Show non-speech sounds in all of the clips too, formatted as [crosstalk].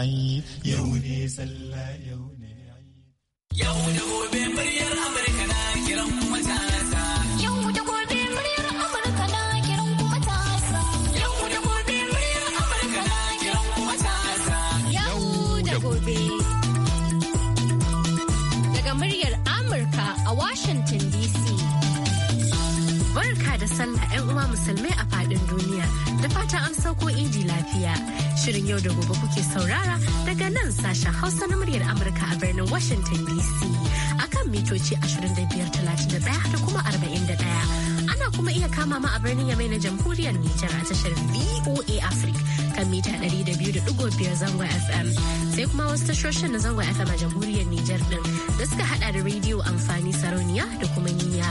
ayi yau ne sallah yau ne ayi yau da gobe muryar amurka na kiran matasa sallah 'yan uwa musulmai a faɗin duniya da fatan an sauko inji lafiya. Shirin yau da gobe kuke saurara daga nan sashen Hausa na muryar Amurka a birnin Washington DC. kan mitoci 2531 da kuma 41. Ana kuma iya kama ma a birnin Yamai na jamhuriyar Nijar a tashar VOA Africa kan mita 200.5 zangon FM. Sai kuma wasu tashoshin na zangon FM a jamhuriyar Nijar din da suka hada da rediyo amfani sarauniya da kuma niyya.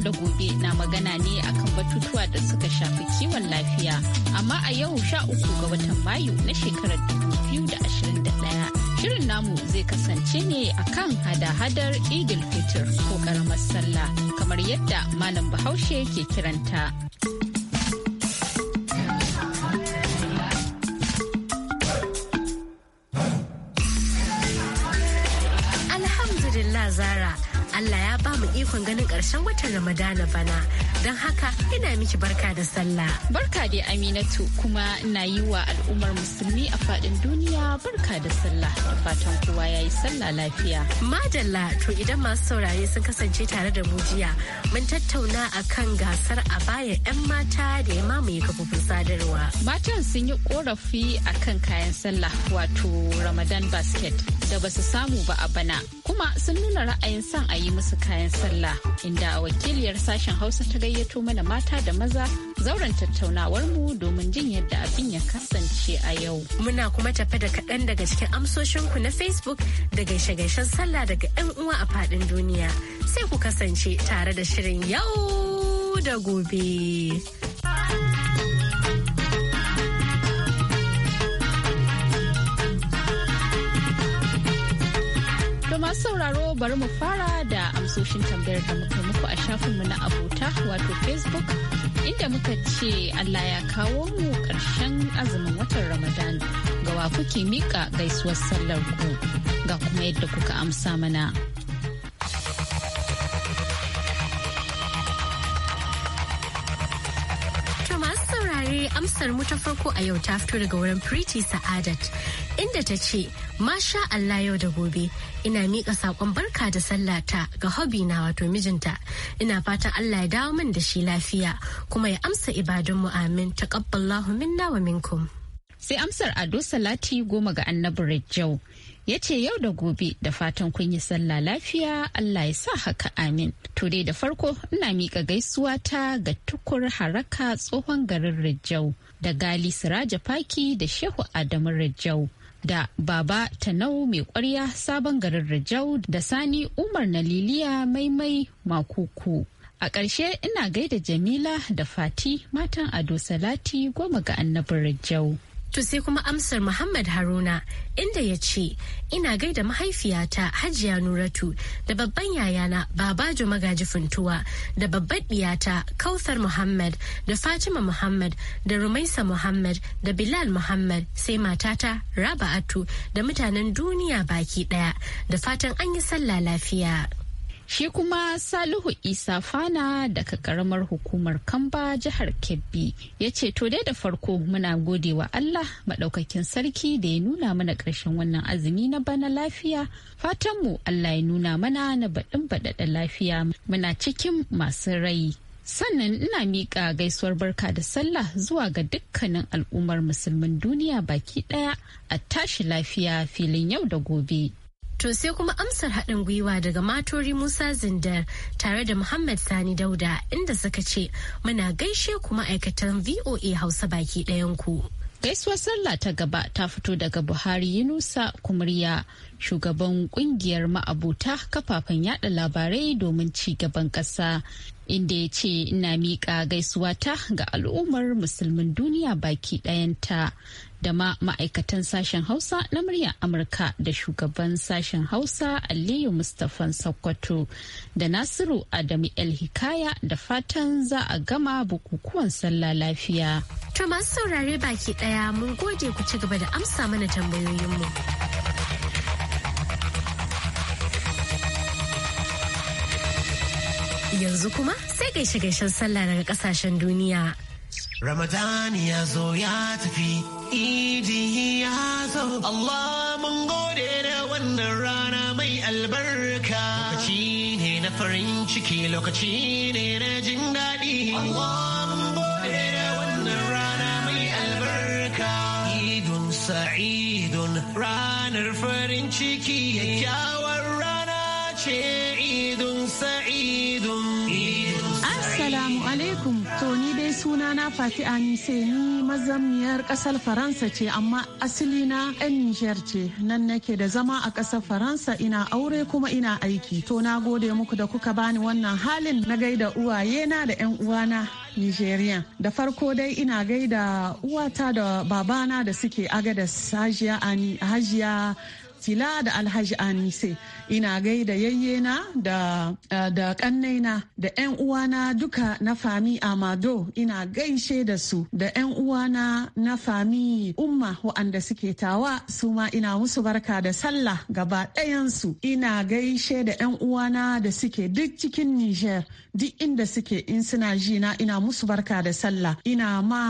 yau da gobe na magana ne akan batutuwa da suka shafi kiwon lafiya. Amma a yau sha uku ga watan Mayu na shekarar 2021. Shirin namu zai kasance ne akan hada-hadar Idil Fitr ko karamar sallah kamar yadda Malam Bahaushe ke kiranta. ikon ganin ƙarshen watan Ramadana bana don haka ina miki barka da sallah. Barka da Aminatu kuma na yi wa al'ummar musulmi a faɗin duniya barka da sallah da fatan kowa ya yi sallah lafiya. Madalla to idan masu saurare sun kasance tare da mujiya mun tattauna a kan gasar a baya 'yan mata da ya mamaye kafofin sadarwa. Matan sun yi korafi kan kayan sallah wato Ramadan basket da ba su samu ba a bana kuma sun nuna ra'ayin son a yi musu kayan sallah inda a wakiliyar sashen Hausa ta gayyato mana mata da maza zauren tattaunawarmu domin jin yadda abin ya kasance a yau. Muna kuma tafe da kaɗan daga cikin amsoshinku na Facebook da gaishe-gaishen sallah daga 'yan uwa a faɗin duniya. Sai ku kasance tare da shirin yau da gobe. masu sauraro bari mu fara da amsoshin tambayar da muka muku a shafinmu na abota wato facebook inda muka ce Allah ya kawo mu karshen azumin watan Ramadan ga wa kuke mika gaisuwar sallar ku ga kuma yadda kuka amsa mana. amsar mu ta farko a yau ta fito daga wurin Pretty Sa'adat inda ta ce masha Allah yau da gobe ina miƙa saƙon barka da sallata ga hobina wato mijinta ina fatan Allah ya dawo min da shi lafiya kuma ya amsa ibadun mu amin taqabbalallahu minna wa minkum sai amsar ado salati goma ga annabi rajau ya ce yau da gobe da fatan kun yi sallah lafiya Allah ya sa haka amin. To dai da farko ina miƙa gaisuwa ta ga tukur haraka tsohon garin Rajau da Gali Siraja Faki da Shehu Adamu Rajau da Baba Tanau mai kwarya sabon garin Rajau da Sani Umar na Liliya Maimai Makuku. A ƙarshe ina gaida Jamila da Fati matan Ado Salati goma ga annabin Rajau. To sai kuma amsar Muhammad Haruna inda ya ce, Ina gaida mahaifiyata Hajiya Nuratu da babban yayana Babajo Magaji Funtuwa da babban ɗiyata Kausar Muhammad da Fatima Muhammad da Rumaisa Muhammad da Bilal Muhammad sai matata Raba'atu da mutanen duniya baki ɗaya da fatan an yi sallah lafiya. Shi kuma Salihu Isa Fana daga karamar hukumar Kamba jihar Kebbi ya ce to dai da farko muna gode wa Allah maɗaukakin sarki da ya nuna mana ƙarshen wannan azumi na bana lafiya. Fatanmu Allah ya nuna mana na baɗin baɗaɗa lafiya muna cikin masu rai. sannan ina miƙa gaisuwar barka da sallah zuwa ga dukkanin al'ummar musulmin duniya baki ɗaya a tashi lafiya filin yau da gobe. To sai kuma amsar haɗin gwiwa daga Matori Musa Zindar tare da Muhammad Sani Dauda inda suka ce muna gaishe ku ma'aikatan VOA Hausa baki ɗayan ku. Gaisuwar sallah ta gaba ta fito daga Buhari Yunusa Kumriya, shugaban kungiyar ma'abuta kafafen yada labarai domin ci gaban ƙasa. inda ya ce ina miƙa gaisuwata ga al'ummar musulmin duniya baki ɗayanta da ma ma'aikatan sashen Hausa na muryar Amurka da shugaban sashen Hausa Aliyu Mustapha Sokoto da Nasiru Adamu El Hikaya da fatan za a gama bukukuwan sallah lafiya. To masu saurare baki daya mun gode ku ci gaba da amsa mana tambayoyinmu. yanzu kuma sai gaishe gaishen sallah daga kasashen duniya. Ramadan ya zo ya tafi Allah mun gode da wannan rana mai albarka lokaci ne na farin ciki lokaci ne na jin daɗi Allah mun gode da wannan rana mai albarka idun sa'idun ranar farin ciki ya na Fati Anise ni mazamiyar kasar Faransa ce amma asali na 'yan Nijar ce nan nake da zama a kasar Faransa ina aure kuma ina aiki. To na gode muku da kuka bani wannan halin na gaida uwaye na da 'yan uwana Nijeriya. Da farko dai ina gaida uwata da babana da suke agada sajiya Ani Hajiya fila da alhaji anise ina gaida yayyena da eh, da kannaina da yan uwana duka na fami amado ina gaishe da su da yan uwana na fami umma wa'anda suke tawa su ma ina musu barka da sallah gaba ɗayansu ina gaishe da yan uwana da suke duk cikin niger duk inda suke in suna ji na ina musu barka da sallah ina ma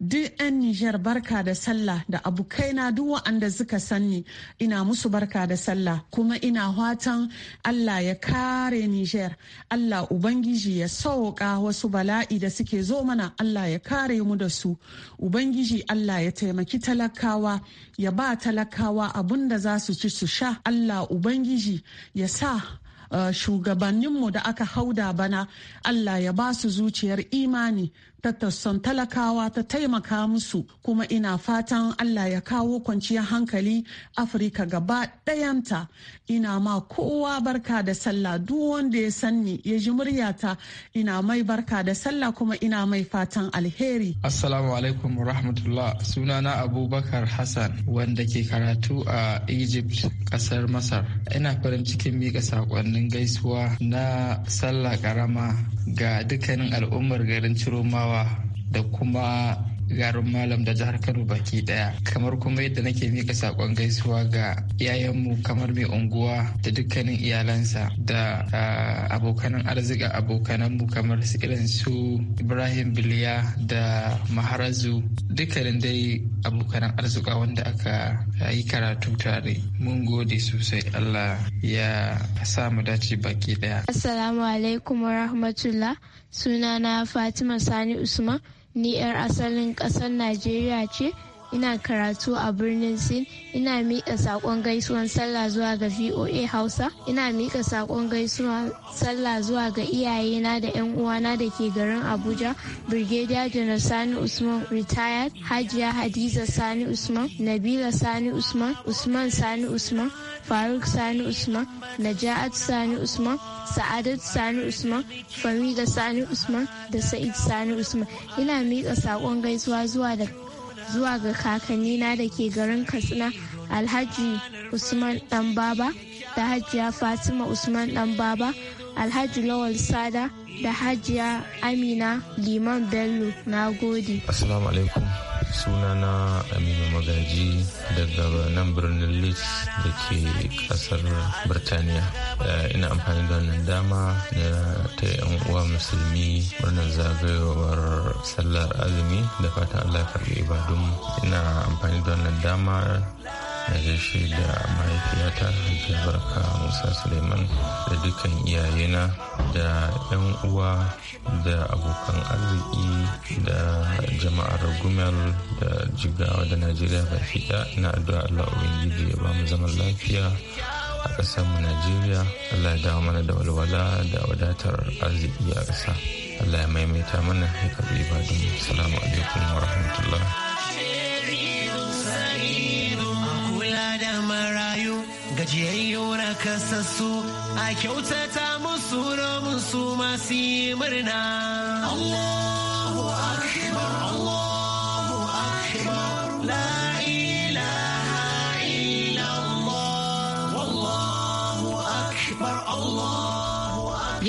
duk yan niger barka da sallah da abokaina duk wa'anda suka sanni ina musu barka da sallah kuma ina watan Allah ya kare Niger Allah Ubangiji ya sauka wasu bala'i da suke zo mana Allah ya kare mu da su Ubangiji Allah ya taimaki talakawa ya ba talakawa abun da za su ci su sha Allah Ubangiji ya sa Uh, shugabanninmu da aka hauda bana Allah ya ba su zuciyar imani tattasan talakawa ta taimaka musu kuma ina fatan Allah ya kawo kwanciyar hankali Afirka gaba ɗayanta ina ma kowa barka da sallah duk wanda ya sanni ya ji muryata ina mai barka da sallah kuma ina mai fatan alheri. Assalamu alaikum rahmatullah sunana Abubakar Hassan wanda ke karatu a Egypt kasar Masar. Ina farin cikin miƙa saƙonnin gaisuwa na sallah ƙarama ga dukkanin al'ummar garin Ciromawa da kuma garin malam da jihar kano baki daya kamar kuma yadda nake mika sakon gaisuwa ga iyayenmu kamar mai unguwa da dukkanin iyalansa da abokanan arzika mu kamar su irin su ibrahim biliya da maharazu dukkanin dai abokanan arzika wanda aka yi karatu tare mun gode sosai allah ya sa mu dace baki daya assalamu alaikum wa rahmatullah sunana fatima sani usman ni 'yar asalin ƙasar najeriya ce ina karatu a birnin Sin, ina miƙa saƙon gaisuwan sallah zuwa ga VOA Hausa, ina miƙa saƙon gaisuwan sallah zuwa ga iyayena da 'yan uwana da ke garin Abuja, Brigadier General Sani Usman retired, Hajiya Hadiza Sani Usman, Nabila Sani Usman, Usman Sani Usman, Faruk Sani Usman, Naja'at Sani Usman, Sa'adat Sani Usman, Farida Sani Usman da Sa'id Sani Usman. Ina miƙa saƙon gaisuwa zuwa da zuwa ga kakannina da ke garin katsina alhaji usman dan baba da hajiya fatima usman dan baba alhaji lawal sada da hajiya amina liman bello na gode assalamu alaikum sunana aminu magaji daga nan birnin leeds da ke kasar birtaniya eh, ina amfani da wannan dama na ta yan uwa musulmi murnar zagayowar sallar azumi da fatan allah karbi ibadun ina amfani da wannan dama na gaishe da mahaifiyata hajiya barka musa suleiman da dukkan iyayena da 'yan uwa da abokan arziki da jama'ar gumel da jigawa da najeriya baki da ina addu'a allah ubangiji ya ba mu zaman lafiya a ƙasar mu najeriya allah ya dawo mana da walwala da wadatar arziki a ƙasa allah ya maimaita mana ya karɓi ibadun salamu alaikum wa rahmatullah gajiyayyo na kasassu a kyautata musu na musu masu murna Allahu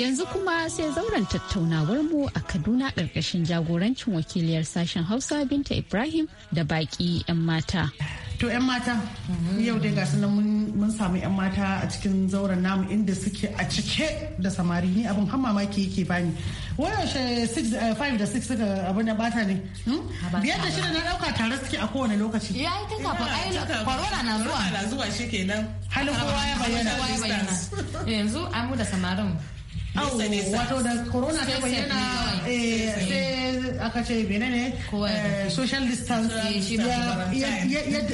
yanzu kuma sai zauren tattaunawar mu a Kaduna ƙarƙashin jagorancin wakiliyar sashen Hausa Binta Ibrahim da baƙi 'yan mata. To 'yan mata, yau dai gasu nan mun samu 'yan mata a cikin zauren namu inda suke a cike da samari ni abin han mamaki yake bani. Wayaushe 5 eh, da 6 suka abin hmm? da bata ne? Biyar da shida na ɗauka tare suke a kowane lokaci. Ya yi tun kafin ayyuka corona na zuwa. na zuwa shi kenan. Halin kowa ya bayyana. [laughs] Yanzu an mu da samarin wato da corona ta bayyana eh, sai aka ce bene eh, ne social distance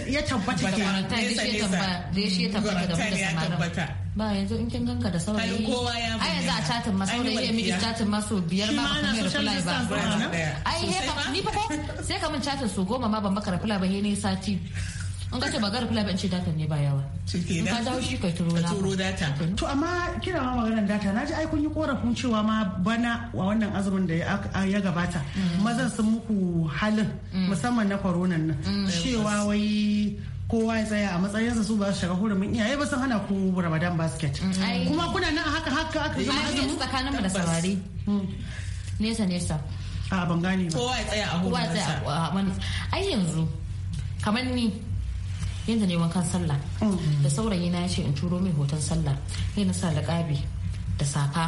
ya tabbata ke da tabbata ba yanzu in kin ganka da saurayi ai yanzu a chatin ma saurayi ya miki chatin ma so biyar ma ba kuma reply ba ai ni fa sai ka min chatin so goma ma ban maka reply ba he ne sati an ka ce ba gara kula ban ce datan ne ba yawa in ka dawo shi ka turo na turo data to amma kira ma maganar data na ji ai kun yi korafin cewa ma bana wa wannan azumin da ya gabata mm. mazan sun muku halin mm. musamman na koronan nan mm. cewa wai kowa ya tsaya a matsayinsa su ba su shiga hurumin iyaye ba sun hana ku ramadan basket kuma kuna nan haka haka aka zama azumi tsakaninmu da samari nesa nesa a ban gane ba kowa ya tsaya a hurumin ai yanzu kamar ni yadda ne wankan sallah mm. da saurayi na ya ce in turo min hoton sallah sai na sa laƙabi da safa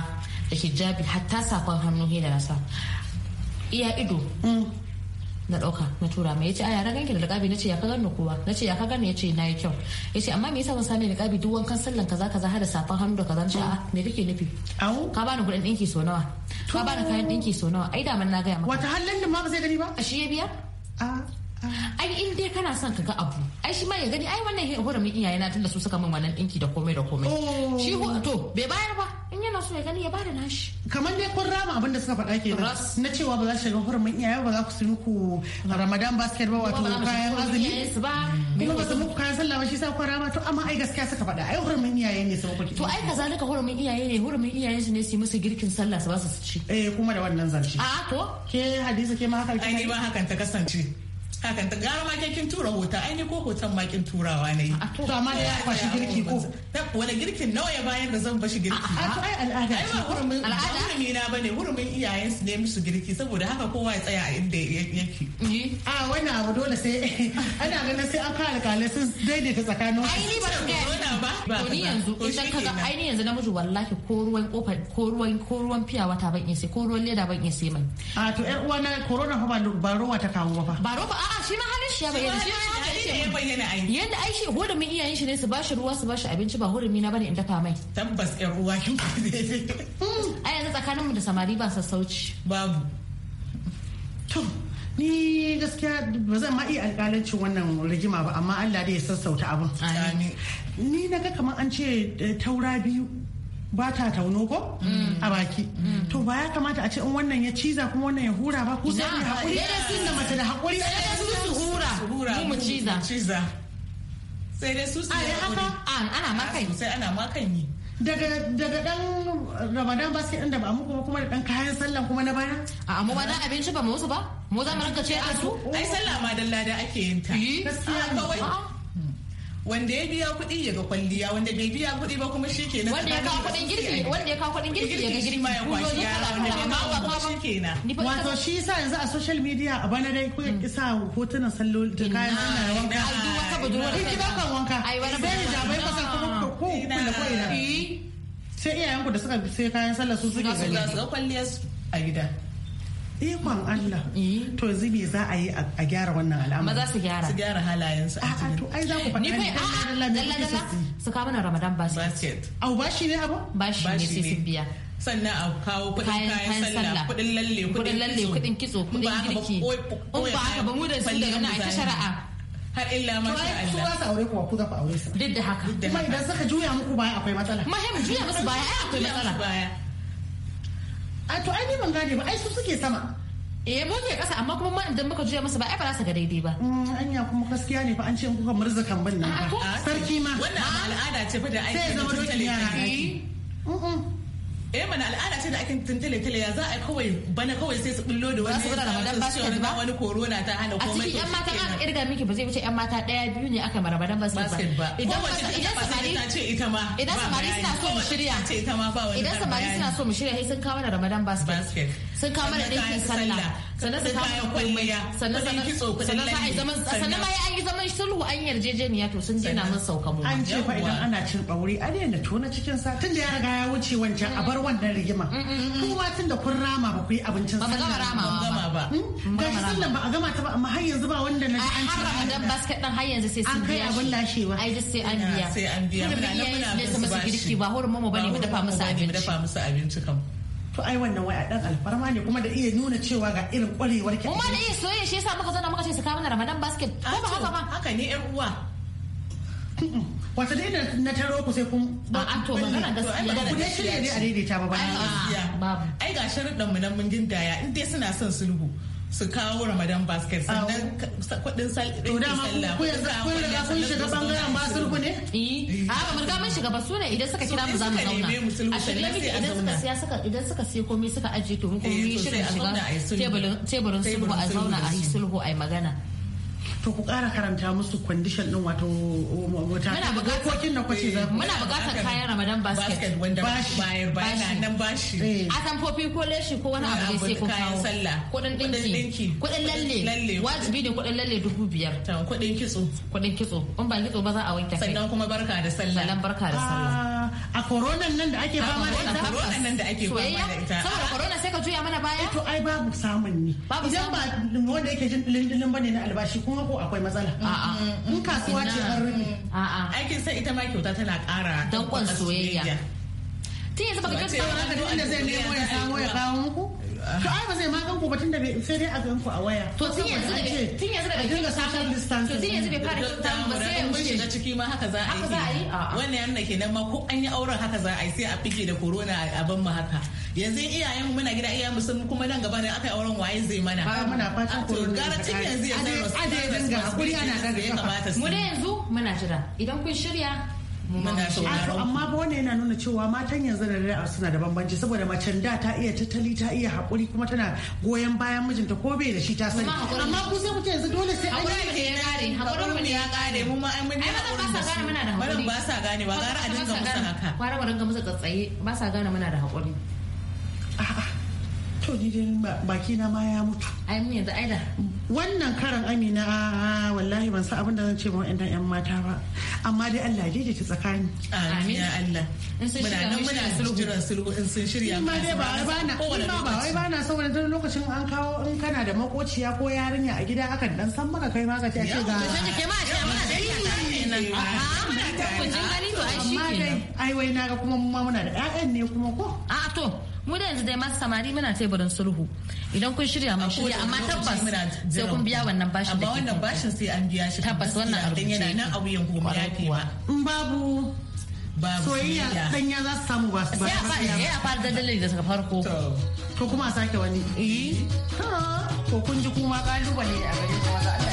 da hijabi hatta safan hannu he da rasa iya ido mm. na ɗauka na tura mai yace aya ranar da liƙabi na ce ya ka gano kowa na ce ya ka gano ya ce na yi kyau ya ce amma me yasa ban sami liƙabi duk wankan sallan kaza kaza har da safan hannu da kaza ce a me kake nufi ka bani kuɗin ɗinki so nawa ka bani kayan ɗinki so nawa ai da man na gaya maka wata hallan da ma ba zai gani ba a shi ya biya ai in dai kana son ka ga abu ai shi ma ya gani ai wannan hurumin iyaye na tunda su suka min wannan dinki da komai da komai oh. shi to bai bayar ba in yana so ya gani ya bada nashi kamar dai kun rama abin da suka faɗa ke na cewa ba za su shiga hurumin iyaye ba za ku sun ku ramadan basket ba wato kayan azumi kuma ba su muku kayan sallah ba shi sa ku rama to amma ai gaskiya suka faɗa ai hurumin iyaye ne su muku to ai kazalika hurumin iyaye ne hurumin iyaye su ne su musu girkin sallah su ba su ci eh kuma da wannan zance a to ke hadisi ke ma haka ai ni ma hakan ta kasance haka ta gara makekin tura hoton aini ko hoton makin turawa ne to amma da ya kwashi girki ko wani girkin nawa ya bayar da zan bashi girki ai al'ada ai ba hurumi na bane hurumin iyayen su ne musu girki saboda haka kowa ya tsaya a inda yake a wani abu dole sai ana ganin sai an kare kale sun daidaita tsakanin wasu aini ba ga ba to ni yanzu idan ka ga aini yanzu mutu wallahi ko ruwan kofa ko ruwan ko ruwan fiya wata ban iya sai ko ruwan leda ban iya sai mai a to ƴan uwa na corona ba ruwa ta kawo ba ba roba a'a shi ma halin shi ya bayyana shi ya bayyana yanda ai shi hurumin iyayen shi ne su bashi ruwa su bashi abinci ba hurumi na bane in dafa mai tabbas yan ruwa kin a yanzu tsakanin mu da samari ba sassauci babu to ni gaskiya ba zan ma iya alƙalancin wannan rigima ba amma Allah dai ya sassauta abin ni na ga kamar an ce eh, taura biyu ba ta tauno ko mm. a baki mm. to ba ya kamata a ce in wannan ya ciza kuma wannan ya hura ba ku sai ya hakuri da sun da mace da hakuri sai su hura mu ciza ciza sai dai su su haka ana makan sai ana makan yi daga daga dan ramadan ba sai inda ba mu kuma kuma da dan kayan sallan kuma na bana a amma wani abinci ba mu su ba mu za mu ranka ce a su ai sallah ma dalla da ake yin ta eh. gaskiya kawai wanda ya biya kuɗi ya ga kwalliya wanda bai biya kuɗi ba kuma na wanda ya kawo kuɗin girki wanda ya kawo kuɗin girki ya ga girki ma ya kwashi yara wanda bai kawo ba kuma na. wato shi yasa yanzu a social media a bana dai ku hmm. isa hotunan salloli da kayan sallah wanka ai wata budurwa da ki daukan wanka ai wani sai da bai kusa kuma ko ko kula ko ina eh. sai iyayenku da suka sai kayan sallah su suke gani su ga kwalliyar a gida ikon eh, Allah eh. to yanzu me za a yi a gyara wannan al'amari maza su gyara su gyara halayen su a to ai za ku faɗa ni fa Allah me kuke sisi su kawo mana Ramadan basket au bashi ne abu bashi ne sai su biya sannan a kawo kudin kayan sallah kudin lalle kudin lalle kudin kitso kudin girki Ko ba haka ba mu da su daga nan ta shari'a har illa ma sha Allah su za su aure ku ku za ku aure su duk da haka kuma idan suka juya muku baya akwai matsala mahim juya musu baya ai akwai matsala a to ai ban gane ba ai su suke sama eh ba ke kasa amma kuma idan muka juya masa ba ai ba za su ga daidai ba mm, anya kuma gaskiya ne fa an ce kuka murza kan bin nan sarki ma wannan al'ada ce fa da ai sai zama dole eh mana al'ada ce da ake tuntule tale ya za a kawai bana kawai sai su bullo da wani da madan basket ba wani corona ta hana komai a cikin yan mata an irga miki ba zai wuce yan mata daya biyu ne aka mara madan basket ba idan idan samari ta ce ita ma idan samari suna so mu shirya idan samari suna so mu shirya sai sun kawo na ramadan basket sun kawo mana ɗinkin sallah sannan su kawo komai sannan sannan sa ai zaman sannan ma an yi zaman sulhu an yarjejeniya to sun dina mun saukamu. an ce fa idan ana cin ɓaure a daina tona cikin sa Tunda ya riga ya wuce wancan a bar wannan rigima mm, mm, mm, kuma tun da kun rama ba ku yi abincin sallah ba gama rama ba ga shi sallan ba a gama ta ba amma har yanzu ba wanda na an ci har dan basket din har yanzu sai sun biya an kai abin lashewa ai duk sai an biya sai an biya muna nan muna musu girki ba hurin mu bane mu dafa musu abinci mu dafa musu abinci kam to ai wannan waya dan alfarma ne kuma da iya nuna cewa ga irin kwarewar ki umma da iya soyayya shi yasa muka zauna muka ce su kawo mana ramadan basket ko ba ah, haka ba haka ne yan uwa wata dai da na taro ku sai kun ba a to magana gaskiya ba ku dai shirye ne a daidaita ba ba ai ga sharuɗan mu nan mun gindaya in dai suna son sulhu su kawo ramadan basket sannan kudin sallah to dama ku yanzu kun riga kun shiga bangaren basulku ne eh a ba mun ga shiga ba sune idan suka kira mu za mu zauna a shirye muke idan suka siya suka idan suka siya komai suka ajiye to eh, mun komai shirin shiga teburin teburin sulhu a zauna a yi sulhu a yi magana to ku kara karanta musu condition ɗin wato wata dokokin na kwace za muna buƙatar kayan ramadan basket wanda bayar bayana nan bashi eh. Eh. atamfofi ko leshi ko wani abu sai ku kawo kudin dinki kudin lalle wajibi ne kudin lalle dubu biyar kudin kitso kudin kitso in ba kitso ba za a wanke kai sannan kuma barka da sallah sannan barka da sallah ah, a corona nan da ake fama da ita a koronan nan da ake fama da ita saboda ah, corona sai ka juya mana baya eh, to ai babu samun ni. babu idan ba wanda yake jin dindindin bane na albashi kuma ko akwai matsala a'a mm, mm, mm. in kasuwa ce har rufe a'a aikin sai ita ma kyauta tana ƙara dankon soyayya tun yanzu baka kasa ba da zai nemo ya samo ya kawo muku to ai ba zai ma gan ku ba tun da sai dai a gan ku a waya to tun yanzu da tun yanzu da dinga social distance to tun yanzu bai fara kyauta mu ba sai ya wuce shiga ciki ma haka za a yi wannan yana kenan ma ko an yi auren haka za a yi sai a fige da corona a ban mu haka yanzu iyayen muna gida iyayen mu sun kuma nan gaba ne aka yi auren waye zai mana ba muna fatan corona gara tun yanzu ya zai ade dinga hakuri ana daga ya kamata mu da yanzu muna jira idan kun shirya muna amma ba wannan yana nuna cewa matan yanzu da da'a suna da bambanci saboda macen da ta iya tattali ta iya haƙuri kuma tana goyon bayan mijinta ko bai da shi ta sani amma ku sai mutum yanzu dole sai aure ke ya kare haƙurin mu ne ya kare mu ma ai mun haƙuri ba sa gane muna da haƙuri ba sa gane ba gara a dinga musu haka kwara ba dinga musu tsaye ba sa gane muna da haƙuri a'a to ni dai baki na ma ya mutu ai yanzu aida wannan karan amina wallahi ban san abin da zan ce ba wa'annan yan mata ba amma dai Allah dai ta tsakani amin ya Allah muna nan muna jiran sulhu in sun shirya ma dai ba wai bana ba ba wai so saboda duk lokacin an kawo in kana da makociya ko yarinya a gida akan dan san maka kai ma ka ce ga ke ma ce muna da nan ai wai na ga kuma muna da ƴaƴan ne kuma ko a to mu da yanzu dai masu samari muna teburin sulhu idan kun shirya mun shirya amma tabbas sai kun biya wannan bashin da wannan bashin sai an biya shi tabbas wannan a rubuce yana nan a wuyan goma ya in babu soyayya danya za su samu ba su ba sai ya fara dalilin daga farko ko kuma a sake wani eh to kun ji kuma kalubale a gare a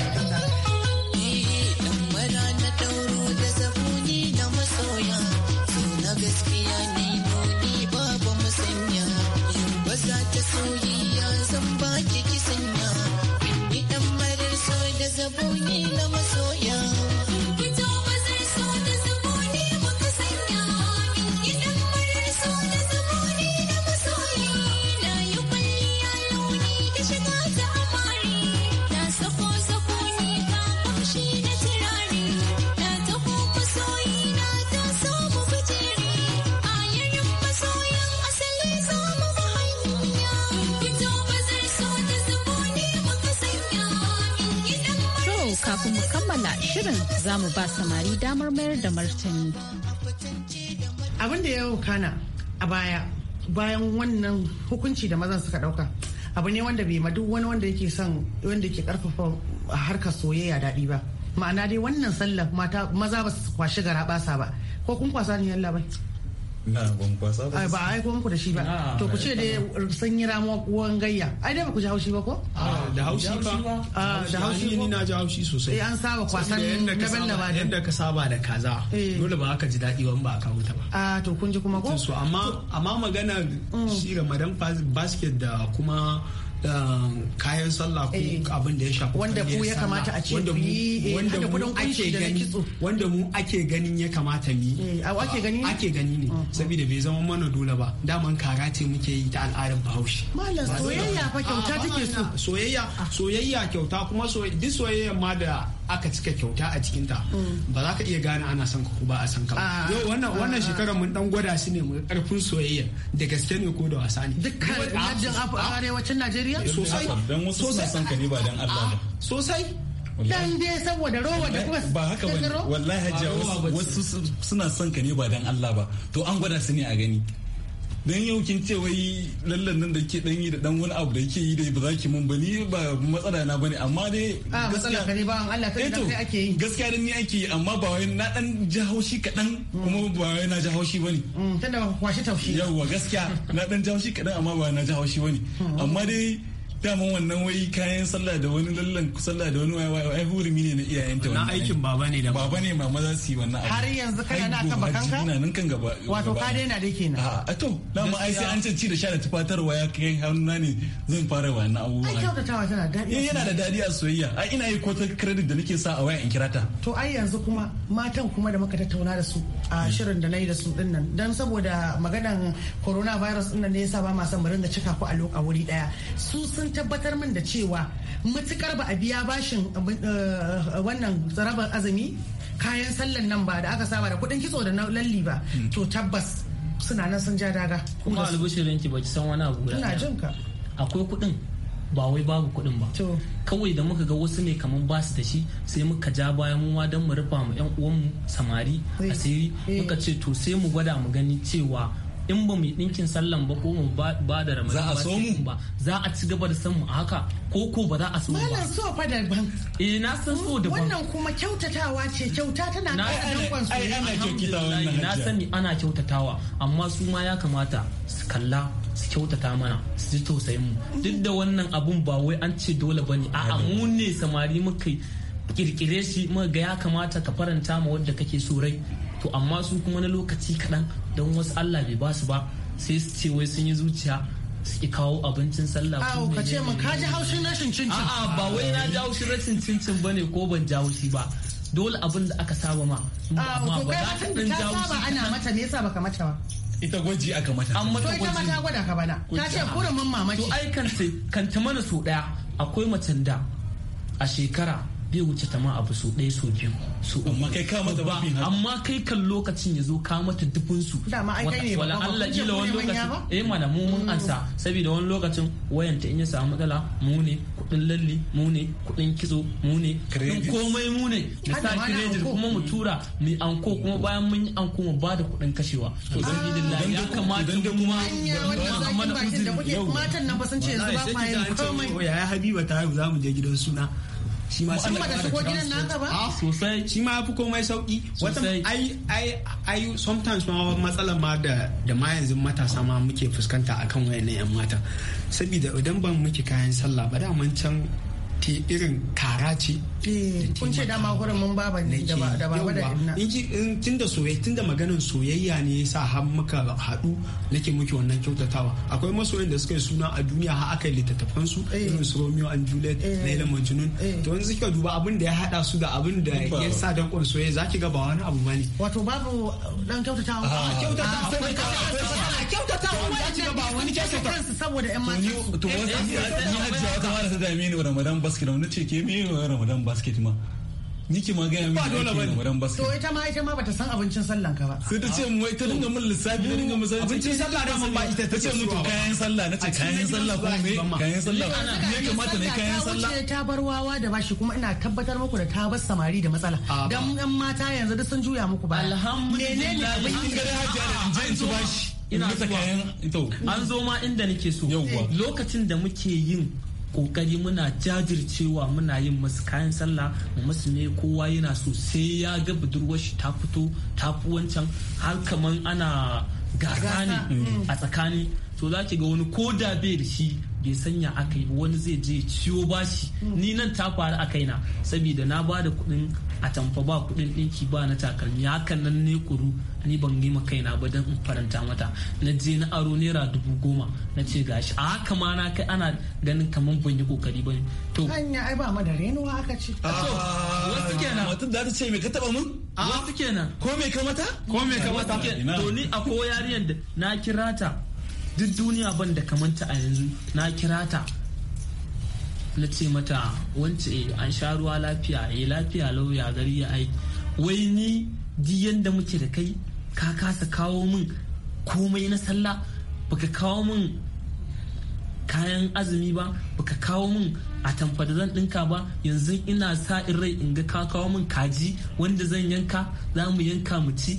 ba samari damar mayar da martani. Abin da ya kana a baya bayan wannan hukunci da mazan suka dauka abu ne wanda bai ma duk wani wanda yake son wanda ke karfafa harkar soyayya daɗi ba ma'ana dai wannan sallar mata maza ba su kwashi gara basa ba ko kun kwasa ni yalla bai Ah, ba a aiko muku da shi ba ah, to ku ce da sanyi ramuwan gayya ai dai ba ku ji haushi ba ko ah, da haushi ba da haushi ni na ji haushi sosai eh, an saba kwasan gaban da ba yadda ka saba da kaza eh. dole ba aka ji daɗi wani ba a kawo ta ba a to kun ji kuma ko amma amma magana mm. shi ramadan basket da kuma Um, kayan sallah ko eh. abin da ya shafi wanda ku ya kamata a ce wanda mu eh, ake gani wanda mu ake ganin ya kamata mi ake gani ake gani ne mm-hmm. saboda bai zama mana dole ba daman kara ce muke yi ta al'adar bahaushe malam soyayya fa kyauta take so soyayya soyayya kyauta kuma duk soyayya ma da aka cika kyauta a cikinta ba za ka iya gane ana son ka ko ba a son ka ah. yau wannan ah. wannan shekarar mun dan gwada su ne mu karfin soyayya da gaske ne ko da wasa ne dukkan najin arewacin Najeriya sosai dan wasu suna son ka ne ba dan Allah ba ah, sosai dan dai saboda rowa da kuma ba haka ba wallahi hajja wasu suna son ka ne ba dan Allah ba to an gwada su ne a gani dan yau kin ce wai lallan nan da ke dan yi da dan wani abu da ke yi da ba za ki mun bane ba matsala na bane amma dai a matsala ka ne ba an Allah kai kai eh ake yi gaskiya dan ni ake yi amma ba wai na dan ja haushi kadan kuma ba wai na ja haushi bane mm, tunda washi taushi yauwa gaskiya na dan ja haushi kadan amma ba na ja haushi bane mm. amma dai daman wannan wai kayan sallah da wani lallan sallah da wani wayewa ai hurumi ne na iyayenta wannan aikin baba ne da baba ne mama za su yi wannan abu har yanzu kai na kan bakanka ina nan kan gaba wato ka daina da kenan a to dama ai sai an ce ci da sha da tufatarwa ya kai hannuna ne zan fara wannan abu ai kyautatawa tana dadi eh, yana da dadi a soyayya ai ina yi kotar credit da nake sa a waya in kirata to ai yanzu kuma matan kuma da muka tattauna da su a mm. shirin da nayi da su din nan dan saboda maganan coronavirus din nan ne yasa ba ma san mu ringa cika ku a wuri daya su sun tabbatar min da cewa matukar ba a biya bashin eh, eh, wannan tsarabar azumi kayan sallan nan ba da aka saba da kudin kitso da na lalli ba hmm. to tabbas suna nan sun ja daga kuma albushirin ki baki san wani abu ina jin ka akwai kudin ba wai babu kudin ba kawai da muka ga wasu ne kamar ba su da shi sai muka ja bayan mu wa don mu rufa mu yan mu samari asiri muka ce to sai mu gwada mu gani cewa in ba mu yi ɗinkin sallan ba ko mu ba da ramadan za a so mu ba za a ci gaba da san mu haka ko ko ba za a so mu ba wannan so fa daban eh na san so daban wannan kuma kyautatawa ce kyauta tana kai dankon su ana kyautatawa wannan na sani ana kyautatawa amma su ma ya kamata su kalla su kyautata mana su ji tausayin mu duk da wannan abun ba wai an ce dole bane a'a mu ne samari muka kirkire shi ga ya kamata ka faranta ma wadda kake so rai to amma su kuma na lokaci kaɗan don wasu allah bai ba su ba sai su ce wai sun yi zuciya suke kawo abincin sallah ko ka ce min ka ji haushin rashin cincin a'a ba wai na ji haushin rashin cincin bane ko ban ji haushi ba dole abin da aka saba ma amma ba za ta dan ji haushi ana mata me yasa baka mata ba ita gwaji aka mata amma ta gwaji to ita gwada ka bana ta ce kurumin mamaci to ai kan ta mana so daya akwai macen da a shekara bai wuce ta ma abu su ɗaya su biyu su amma kai ka mata ba amma kai kan lokacin ya zo ka mata dubun su wala Allah kila wani lokacin eh mana mu mun mm. ansa saboda wani lokacin wayanta in ya samu matsala mu ne kudin lalli mu ne kudin kitso mu ne kudin komai mu ne da sa kirejin kuma mu tura mu anko kuma bayan mun yi anko mu ba da kudin kashewa to dan ah. bidillahi ya kamata kuma wannan matan nan ba sun ce yanzu ba fa yin komai ya habiba ta haihu za mu je gidan suna shi ma sai da shigo gidan na gaba ah, sosai shi ma fi komai sauki wata ai ai ai sometimes ma matsalar ma da da ma yanzu matasa ma muke fuskanta akan wayannan yan mata saboda idan ban muke kayan sallah ba da man can ta irin kara ce. Eh, kun ce dama gurin mun baba ne da ba da ina. in da soyayya tunda maganin soyayya ne ya sa har muka haɗu nake muke wannan kyautatawa akwai masoyan da suka yi suna a duniya har aka yi littattafan su eh. irin su Romeo and Juliet eh. Ila Majnun to kika duba abin da ya haɗa su da abin da ya sa dankon soyayya zaki ga ba wani abu bane. wato babu dan ah, ah, kyautatawa. kyautatawa ah, kyautatawa ba wani kyautatawa. saboda 'yan mata. to wasu ni hajiya wata mara ta dame ni Ramadan ba basket wani ce ke me ramadan basket ma ni ke ma gaya mini dole bane ramadan basket to ita ma ita ma bata san abincin sallan ka ba sai ta ce mu ta dinga min lissafi ta dinga misali abincin sallah da mun ba ita ta ce mu to kayan sallah nace kayan sallah ko me kayan sallah me kamata ne kayan sallah ta ta bar wawa da bashi kuma ina tabbatar muku da ta bar samari da matsala ah, dan yan mata yanzu duk sun juya muku ba alhamdulillah menene abin gare hajiya da inje in su bashi ina zuwa an zo ma inda nake so lokacin da muke yin kokari muna jajircewa muna yin masu kayan sallah mu masu ne kowa yana so sai ya ga budurwar shi ta fito ta fi wancan har kaman ana gasa ne mm. a tsakani to za ki ga wani ko da bai da shi bai sanya aka yi wani zai je ciwo bashi mm. ni nan ta faru a kaina saboda na ba da kuɗin a tamfa ba kuɗin ɗinki ba na takalmi hakan nan ne kuru ni ban yi kaina ba don faranta mata na je na aro naira dubu goma na ce gashi a haka ma na kai ana ganin kaman ban yi kokari ba to hanya ai ba ma da renuwa aka ce ah, wasu kenan mutum da ta ce me ka taba mun wasu kenan ko me ka mata ko me ka mata to ni a ko yariyan da na kira ta duk duniya ban da kamanta a yanzu na kira ta na ce mata wance eh, an sha ruwa lafiya eh lafiya lauya gari ya aiki wai ni di yanda muke da kai ka kasa kawo min komai na sallah baka kawo min kayan azumi ba baka kawo min a tamfa da zan dinka ba yanzu ina sa in rai in ga ka kawo min kaji wanda zan yanka za mu yanka mu ci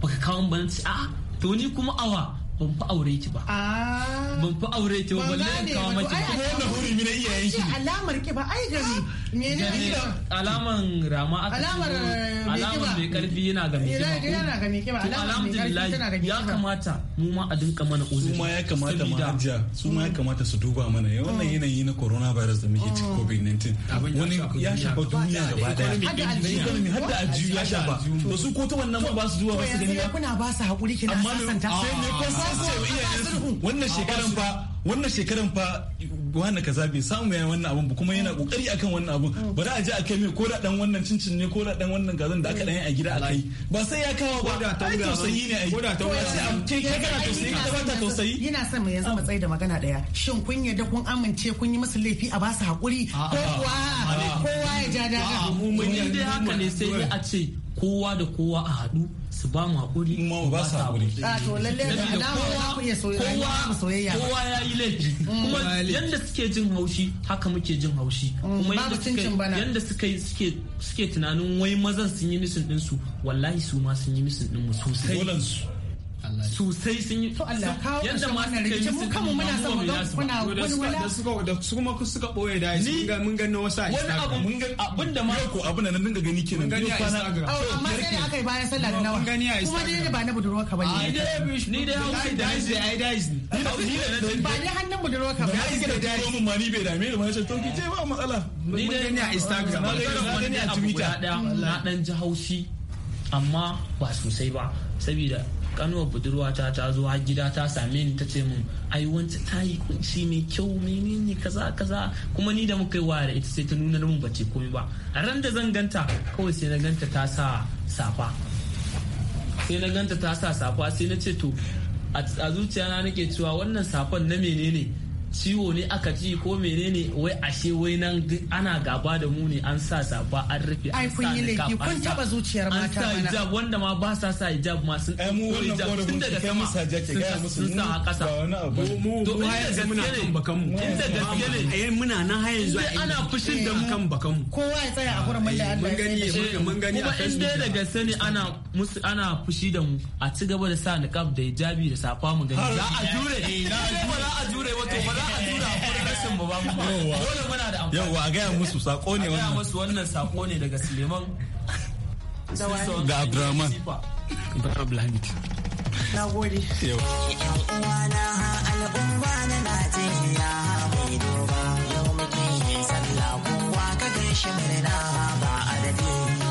baka kawo min ba ci a to ni kuma awa Ah, ban fi aure ki ba ban fi aure ki ba balle in kawo mace ba kuma wannan hurumi iya iyayen ki alamar ki ba ai gari me alaman rama aka alamar eh, alamar mai karfi yana ga mai kiba eh, yana ga mai kiba alhamdulillah ya kamata mu ma a dinka mana uzuri su ma ya kamata ma hajja su ma ya kamata su duba mana eh, wannan oh. yanayi na coronavirus da muke ciki covid-19 wani ya shafa duniya gaba daya har da ajiyu ya shafa Ba su ko ta wannan ba su zuwa ba su gani ba kuna ba su hakuri kina sasanta ne ko wannan shekaran fa wannan shekaran fa wani kaza bai samu yayin wannan abun kuma yana kokari akan wannan abun ba za a je a kai mai koda dan wannan cincin ne koda dan wannan gazan da aka dan yi a gida a kai ba sai ya kawo ba ai tausayi ne ai ko da tausayi kai to tausayi ka ta to tausayi yana son mu yanzu matsayi da magana daya shin kun yarda kun amince kun yi musu laifi a ba su hakuri ko kuwa kowa ya ja daga mu mun yi haka ne sai a ce kowa da kowa a haɗu su ba mu haƙuri mu ba su haƙuri a to lalle da kowa kowa kowa ya yi laifi mm. kuma yanda suke jin haushi haka muke jin haushi mm, kuma yanda suke yanda suke suke suke tunanin wai mazan sun yi misin din su wallahi su ma sun yi misin din mu sosai sosai sun yi to Allah kawo yadda ma suka yi mu kanmu muna son mu ga muna suka da su kuma suka boye da shi mun ga na wasu a Instagram wani mun da ma ko abun da nan ga gani kenan gani a Instagram amma sai da aka yi bayan sallah da nawa kuma dai ba na budurwa ka bane ni dai ni dai hauki da ai ai dai ni da ba ni hannun budurwa ka bane ni da dai mun ma ni bai dame ni ma sai to ki je ba matsala ni dai gani a Instagram gani a Twitter na dan ji haushi amma ba sosai ba saboda kanuwar budurwata ta zo har gida ta same ni ta ce min ai wancan ta yi kunshi mai kyau menene kaza kaza kuma ni da muka yi waya da ita sai ta nuna min bace komai ba a ran da zan ganta kawai sai na ganta ta sa safa sai na ganta ta sa safa sai na ce to a zuciya na nake cewa wannan safan na menene ciwo ne aka ji ko menene wai ashe wai nan ana gaba da mu ne an sa safa an rufe an sa niqab kun taba zuciyar mata an sa hijab wanda ma ba sa sa hijab ma sun ai hijab tun daga sama sun sa a kasa mu in da gaske ne in da gaske ne muna nan har yanzu ana fushin da mu kan kowa ya tsaya a gurin mallan Allah mun gani mun gani kuma inda daga sani ana musu ana fushi da mu a ci gaba da sa niqab da hijabi da safa mu gani za a eh, jure za a jure wato ba yauwa a gaya musu sako ne wannan musu wannan sako ne daga suleiman da abdurrahman abdulhamid na gode yau najeriya kowa ba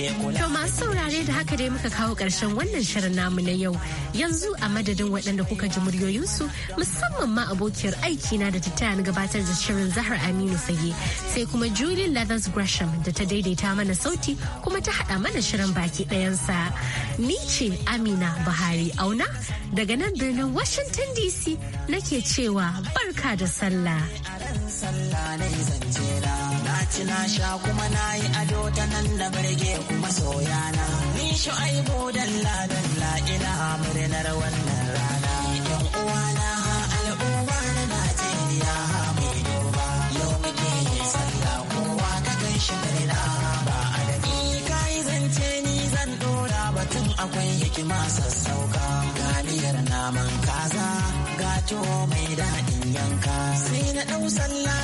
To masu saurare da haka dai muka kawo ƙarshen wannan shirin namu na yau. Yanzu a madadin waɗanda kuka ji muryoyinsu musamman ma abokiyar aiki na da ta taya gabatar da shirin Zahar Aminu Sage sai kuma Julie Lathers Gresham da ta daidaita mana sauti kuma ta haɗa mana shirin baki ɗayansa. Ni ce Amina Buhari Auna daga nan birnin Washington DC nake cewa barka da sallah. ci sha kuma na yi ado ta nan da barge kuma soyana. Ni shu'aibu dalla dalla ina murnar wannan rana. Yan uwana ha al'umma na Najeriya ha mai doba. Yau muke yi sallah kowa ka kan shi murna ba adadi. Ka yi zance ni zan dora batun akwai hikima sassauka. kaliyar naman kaza gato mai daɗin yanka. Sai na ɗau sallah